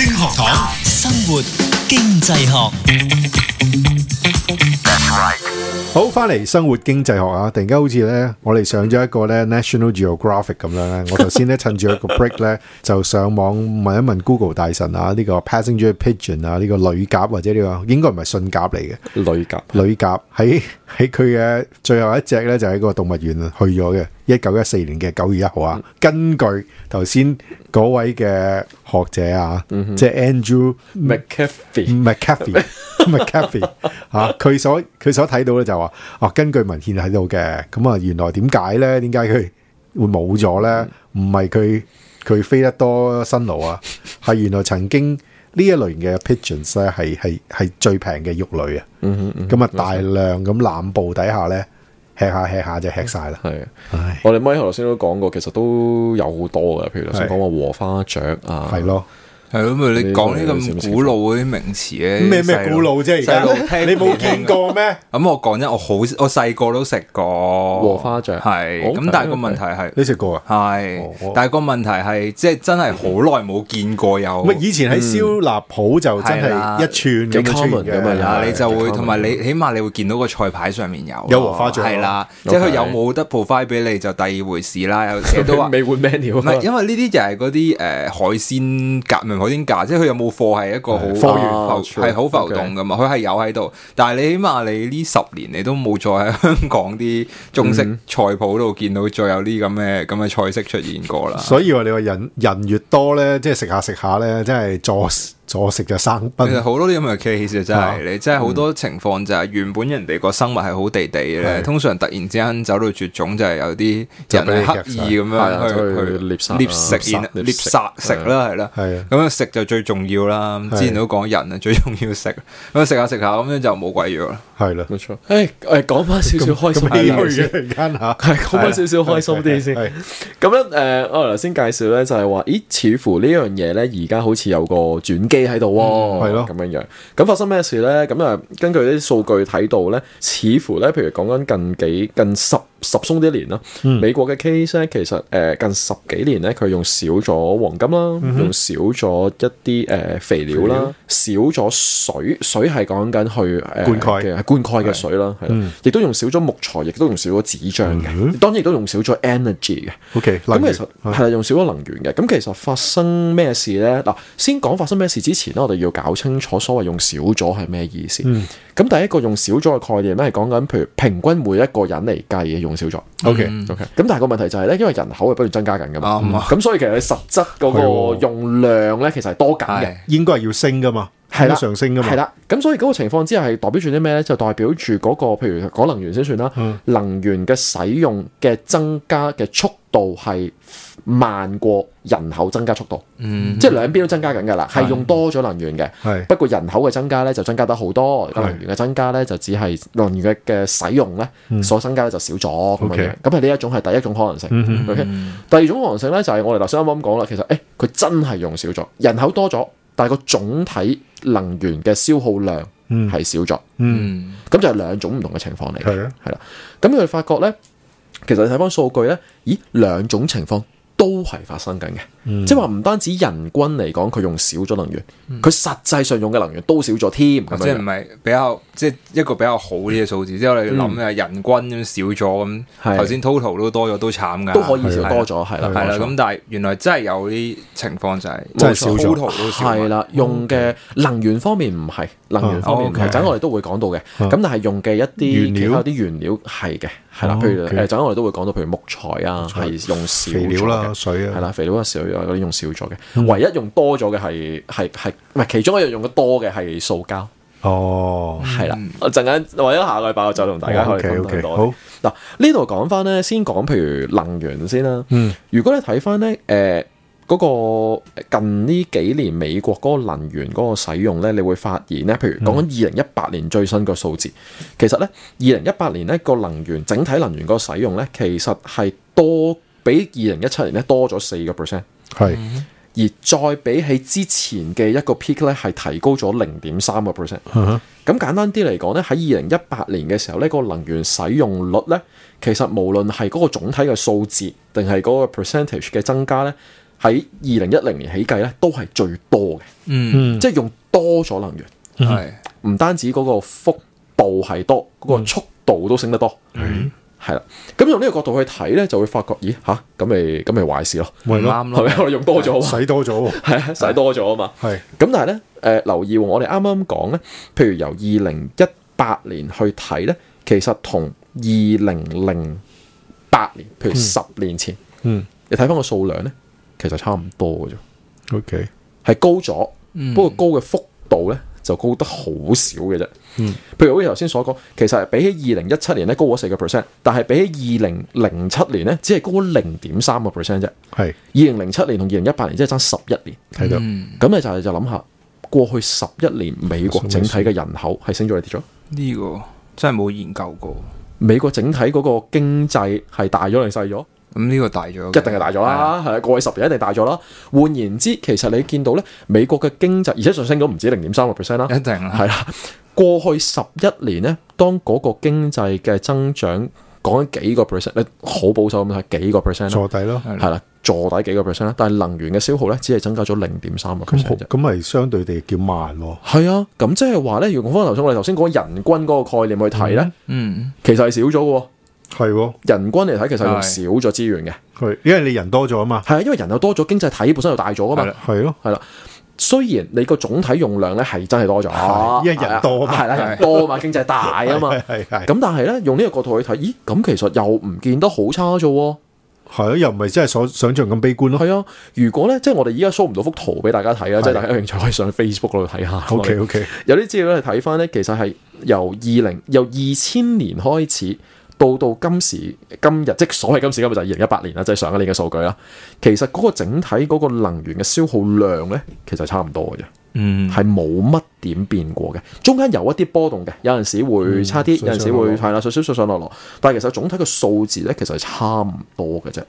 星生活經濟學，好翻嚟生活經濟學啊！突然間好似呢，我哋上咗一個呢 National Geographic 咁樣呢。 我頭先呢，趁住一個 break 呢，就上網問一問 Google 大神啊，呢、這個 Passenger Pigeon 啊，呢個旅鴿或者呢、這個應該唔係信鴿嚟嘅旅鴿，旅鴿喺喺佢嘅最後一隻呢，就喺個動物園去咗嘅。一九一四年嘅九月一號啊，根據頭先嗰位嘅學者啊，即係 Andrew McAfee，McAfee，McAfee 啊，佢所佢所睇到咧，就話，哦，根據文獻喺度嘅。咁啊，原來點解咧？點解佢會冇咗咧？唔係佢佢飛得多辛勞啊，係原來曾經呢一類型嘅 Pigeons 咧，係係係最平嘅肉類啊，咁啊大量咁濫捕底下咧。吃下吃下就吃晒啦，係的。唉我哋咪頭先都講過，其實都有好多嘅，譬如頭先講過禾花雀的啊，係咯。係咯，咪你講啲咁古老嗰啲名詞咧？咩咩古老啫？細路，你冇見過咩？咁我講真，我好我細個都食過禾花雀，係。咁但係個問題係你食過啊？係。但係個問題係，即係真係好耐冇見過有。以前喺燒臘鋪就真係一串咁樣樣啦，你就會同埋你起碼你會見到個菜牌上面有有禾花雀係啦。即係佢有冇得補翻俾你，就第二回事啦。有成都話未換 menu，因為呢啲就係嗰啲誒海鮮革我啲價，即係佢有冇貨係一個好貨源浮出，係好浮動噶嘛？佢係 Okay. 有喺度，但係你起碼你呢十年你都冇再喺香港啲中式菜譜度見到再有啲咁嘅咁嘅菜式出現過啦。嗯、所以話你話人人越多咧，即係食下食下咧，即係助。左食就生其實好多啲咁嘅 case 就真係你，真係好多情況就係原本人哋個生物係好地地嘅，通常突然之間走到絕種就係有啲人係刻意咁樣去去獵食、獵殺食啦，係啦，咁樣食就最重要啦。之前都講人啊，最重要食，咁食下食下咁樣就冇鬼樣啦，係啦，冇錯。誒誒，講翻少少開心啲嘅，間吓，講翻少少開心啲先。咁樣誒，我頭先介紹咧，就係話，咦，似乎呢樣嘢咧，而家好似有個轉機。喺度喎，係咯、嗯，咁樣樣。咁發生咩事咧？咁啊，根據啲數據睇到咧，似乎咧，譬如講緊近幾近十。十鬆啲年啦，美國嘅 case 咧，其實誒近十幾年咧，佢用少咗黃金啦，用少咗一啲誒肥料啦，少咗水，水係講緊去誒灌溉嘅，灌溉嘅水啦，係啦，亦都用少咗木材，亦都用少咗紙張嘅，當然亦都用少咗 energy 嘅。OK，咁其實係用少咗能源嘅。咁其實發生咩事咧？嗱，先講發生咩事之前咧，我哋要搞清楚所謂用少咗係咩意思。咁第一個用少咗嘅概念咧，係講緊譬如平均每一個人嚟計嘅用少咗。OK，OK。咁但係個問題就係咧，因為人口係不斷增加緊噶嘛，咁、 嗯、所以其實你實質嗰個用量咧，其實係多緊嘅， 應該係要升噶嘛。係啦，上升噶嘛？係啦，咁所以嗰個情況之下係代表住啲咩咧？就代表住嗰個，譬如講能源先算啦，能源嘅使用嘅增加嘅速度係慢過人口增加速度，即係兩邊都增加緊噶啦，係用多咗能源嘅，不過人口嘅增加咧就增加得好多，咁能源嘅增加咧就只係能源嘅嘅使用咧所增加就少咗咁樣，咁係呢一種係第一種可能性，OK。第二種可能性咧就係我哋頭先啱啱咁講啦，其實誒，佢真係用少咗，人口多咗。但係個總體能源嘅消耗量係少咗，咁、嗯嗯、就係兩種唔同嘅情況嚟嘅，係啦的。咁我哋發覺咧，其實你睇翻數據咧，咦，兩種情況。都係發生緊嘅，即係話唔單止人均嚟講佢用少咗能源，佢實際上用嘅能源都少咗添。咁即係唔係比較即係一個比較好啲嘅數字。之後你諗啊，人均少咗咁，頭先 total 都多咗都慘噶，都可以少多咗係啦，係啦。咁但係原來真係有啲情況就係真係少咗，total 都少咗，係啦，用嘅能源方面唔係能源方面，其實我哋都會講到嘅。咁但係用嘅一啲其他啲原料係嘅。係啦，譬如誒，陣間 Okay. 我哋都會講到，譬如木材啊，係、啊、用少咗嘅，肥料啦，的水啊，係啦，肥料嗰時有嗰啲用少咗嘅，嗯、唯一用多咗嘅係係係，唔係其中一樣用得多嘅係塑膠。哦，係啦的，我陣間或者下個禮拜我就同大家可以分得多。Okay, okay. 好嗱，呢度講翻咧，先講譬如能源先啦。嗯，如果你睇翻咧，誒、呃。嗰個近呢幾年美國嗰個能源嗰個使用咧，你會發現咧，譬如講緊二零一八年最新個數字，嗯、其實咧二零一八年咧個能源整體能源嗰個使用咧，其實係多比二零一七年咧多咗四個 percent，係而再比起之前嘅一個 peak 咧，係提高咗零點三個 percent，咁簡單啲嚟講咧，喺二零一八年嘅時候咧，嗰、嗰個能源使用率咧，其實無論係嗰個總體嘅數字定係嗰個 percentage 嘅增加咧。喺二零一零年起計咧，都係最多嘅，嗯，即係用多咗能源，係唔單止嗰個幅度係多，嗰個速度都升得多，係啦。咁用呢個角度去睇咧，就會發覺，咦吓，咁咪咁咪壞事咯，咪啱咯，係咪我哋用多咗喎，使多咗喎，係啊，使多咗啊嘛，係。咁但係咧，誒留意我哋啱啱講咧，譬如由二零一八年去睇咧，其實同二零零八年，譬如十年前，嗯，你睇翻個數量咧。其實差唔多嘅啫，OK，係高咗，嗯、不過高嘅幅度咧就高得好少嘅啫。嗯，譬如好似頭先所講，其實比起二零一七年咧高咗四個 percent，但係比起二零零七年咧只係高咗零點三個 percent 啫。係二零零七年同二零一八年即係爭十一年，係咯的。咁、嗯、你就就諗下過去十一年美國整體嘅人口係升咗定跌咗？呢個真係冇研究過。美國整體嗰、這個、個經濟係大咗定細咗？咁呢個大咗，一定係大咗啦，係啊的！的過去十年一定大咗啦。換言之，其實你見到咧，美國嘅經濟，而且上升咗唔止零點三個 percent 啦。一定係啦。過去十一年咧，當嗰個經濟嘅增長講緊幾個 percent，你好保守咁睇幾個 percent，坐底咯，係啦，坐底幾個 percent 咧？但係能源嘅消耗咧，只係增加咗零點三個 percent。咁咪相對地叫慢喎。係啊，咁即係話咧，如果我方頭先我哋頭先講人均嗰個概念去睇咧，嗯，其實係少咗嘅。係，人均嚟睇，其實用少咗資源嘅，因為你人多咗啊嘛，係啊，因為人又多咗，經濟體本身就大咗啊嘛，係咯，係啦，雖然你個總體用量咧係真係多咗，人多啊嘛，人多啊嘛，經濟大啊嘛，咁但係咧用呢個角度去睇，咦，咁其實又唔見得好差啫，係啊，又唔係真係想想象咁悲觀咯，係啊，如果咧，即係我哋依家 show 唔到幅圖俾大家睇啊，即係大家有興趣可以上 Facebook 度睇下，OK OK，有啲資料咧睇翻，咧，其實係由二零由二千年開始。到到今時今日，即所謂今時今日就係二零一八年啦，即係上一年嘅數據啦。其實嗰個整體嗰個能源嘅消耗量咧，其實差唔多嘅啫，嗯，係冇乜點變過嘅。中間有一啲波動嘅，有陣時會差啲，嗯、落落有陣時會係啦，上上上上落落。但係其實總體嘅數字咧，其實係差唔多嘅啫，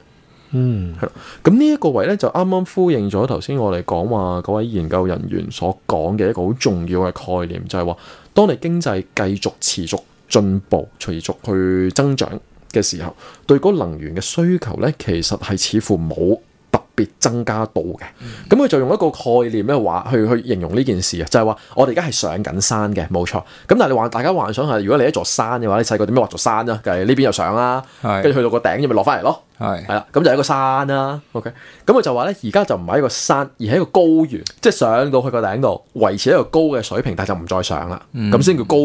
嗯，係咯。咁呢一個位咧，就啱啱呼應咗頭先我哋講話嗰位研究人員所講嘅一個好重要嘅概念，就係、係、話，當你經濟繼續持續，進步隨住去增長嘅時候，對嗰個能源嘅需求咧，其實係似乎冇特別增加到嘅。咁佢、嗯、就用一個概念咧，話去去形容呢件事啊，就係、是、話我哋而家係上緊山嘅，冇錯。咁但係你話大家幻想吓，如果你一座山嘅話，你細個點樣畫座山咧？就係呢邊又上啦，跟住的去到個頂之後咪落翻嚟咯，係係啦。咁就係一個山啦。OK，咁佢就話咧，而家就唔係一個山，而係一個高原，即係上到去個頂度維持一個高嘅水平，但係就唔再上啦。咁先、嗯、叫高。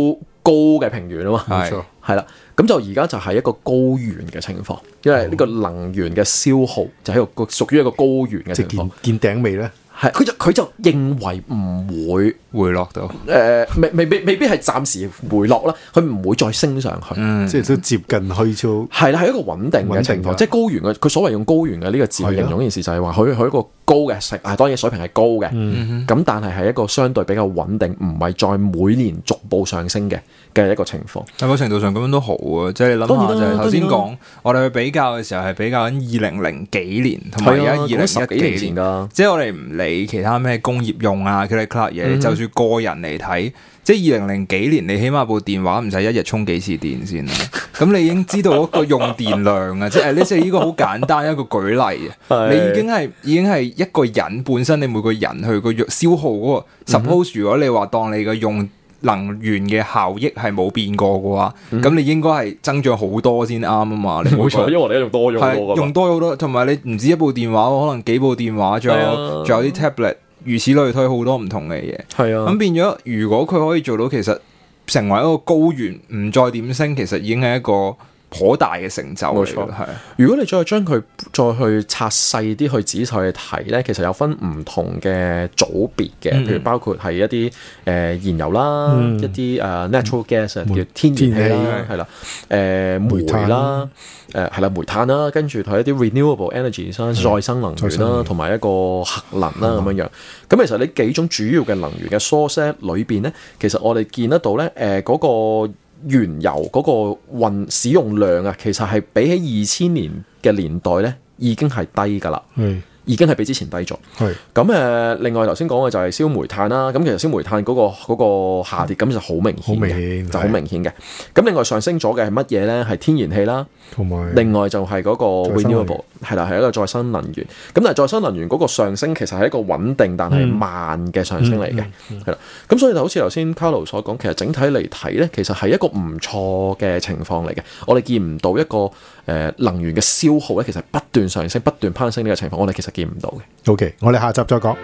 高嘅平原啊嘛，冇錯係啦，咁就而家就係一個高原嘅情況，因為呢個能源嘅消耗就喺個屬於一個高原嘅情況。見，見頂未咧？係佢就佢就認為唔會回落到，誒、呃，未未未未必係暫時回落啦，佢唔會再升上去，即係都接近虛操，係啦，係一個穩定嘅情況，情況即係高原嘅，佢所謂用高原嘅呢個字嚟形容件事，的就係話佢佢一個。高嘅，食啊當然水平係高嘅，咁、嗯、哼但係係一個相對比較穩定，唔係再每年逐步上升嘅嘅一個情況。喺嗰、嗯、程度上咁樣都好啊，即係你諗下就係頭先講，我哋去比較嘅時候係比較緊二零零幾年同埋而家二零一幾年㗎，啊、年前即係我哋唔理其他咩工業用啊，佢哋嗰嘢，嗯、就算個人嚟睇。即係二零零幾年，你起碼部電話唔使一日充幾次電先，咁、 嗯、你已經知道嗰個用電量啊！ 即係呢，即係呢個好簡單一個舉例啊。是的 你已經係已經係一個人本身，你每個人去個消耗嗰個。Suppose、嗯、哼如果你話當你個用能源嘅效益係冇變過嘅話，咁、嗯、哼你應該係增長好多先啱啊嘛！你冇錯， 因為你用多咗好用多咗好多，同埋你唔止一部電話，可能幾部電話，仲的有仲有啲 tablet。如此類推，好多唔同嘅嘢，係啊，咁變咗，如果佢可以做到，其實成為一個高原，唔再點升，其實已經係一個，頗大嘅成就嚟嘅，係。如果你再將佢再去拆細啲去仔細去睇咧，其實有分唔同嘅組別嘅，譬如包括係一啲誒燃油啦，一啲誒 natural gas 叫天然氣啦，係啦，誒煤炭啦，誒係啦煤炭啦，跟住係一啲 renewable energy 生再生能源啦，同埋一個核能啦咁樣樣。咁其實呢幾種主要嘅能源嘅 source 裏邊咧，其實我哋見得到咧，誒嗰個。原油嗰個運使用量啊，其實係比起二千年嘅年代咧，已經係低㗎啦。 已經係比之前低咗。係咁誒，另外頭先講嘅就係燒煤炭啦。咁其實燒煤炭嗰、那個那個下跌咁、嗯、就好明顯，就好明顯嘅。咁的另外上升咗嘅係乜嘢咧？係天然氣啦，同埋有另外就係嗰個 renewable 係啦，係一個再生能源。咁但係再生能源嗰個上升其實係一個穩定但係慢嘅上升嚟嘅，係啦、嗯。咁、嗯嗯嗯嗯、所以就好似頭先卡 a 所講，其實整體嚟睇咧，其實係一個唔錯嘅情況嚟嘅。我哋見唔到一個。誒、呃、能源嘅消耗咧，其實不斷上升、不斷攀升呢個情況，我哋其實見唔到嘅。OK，我哋下集再講。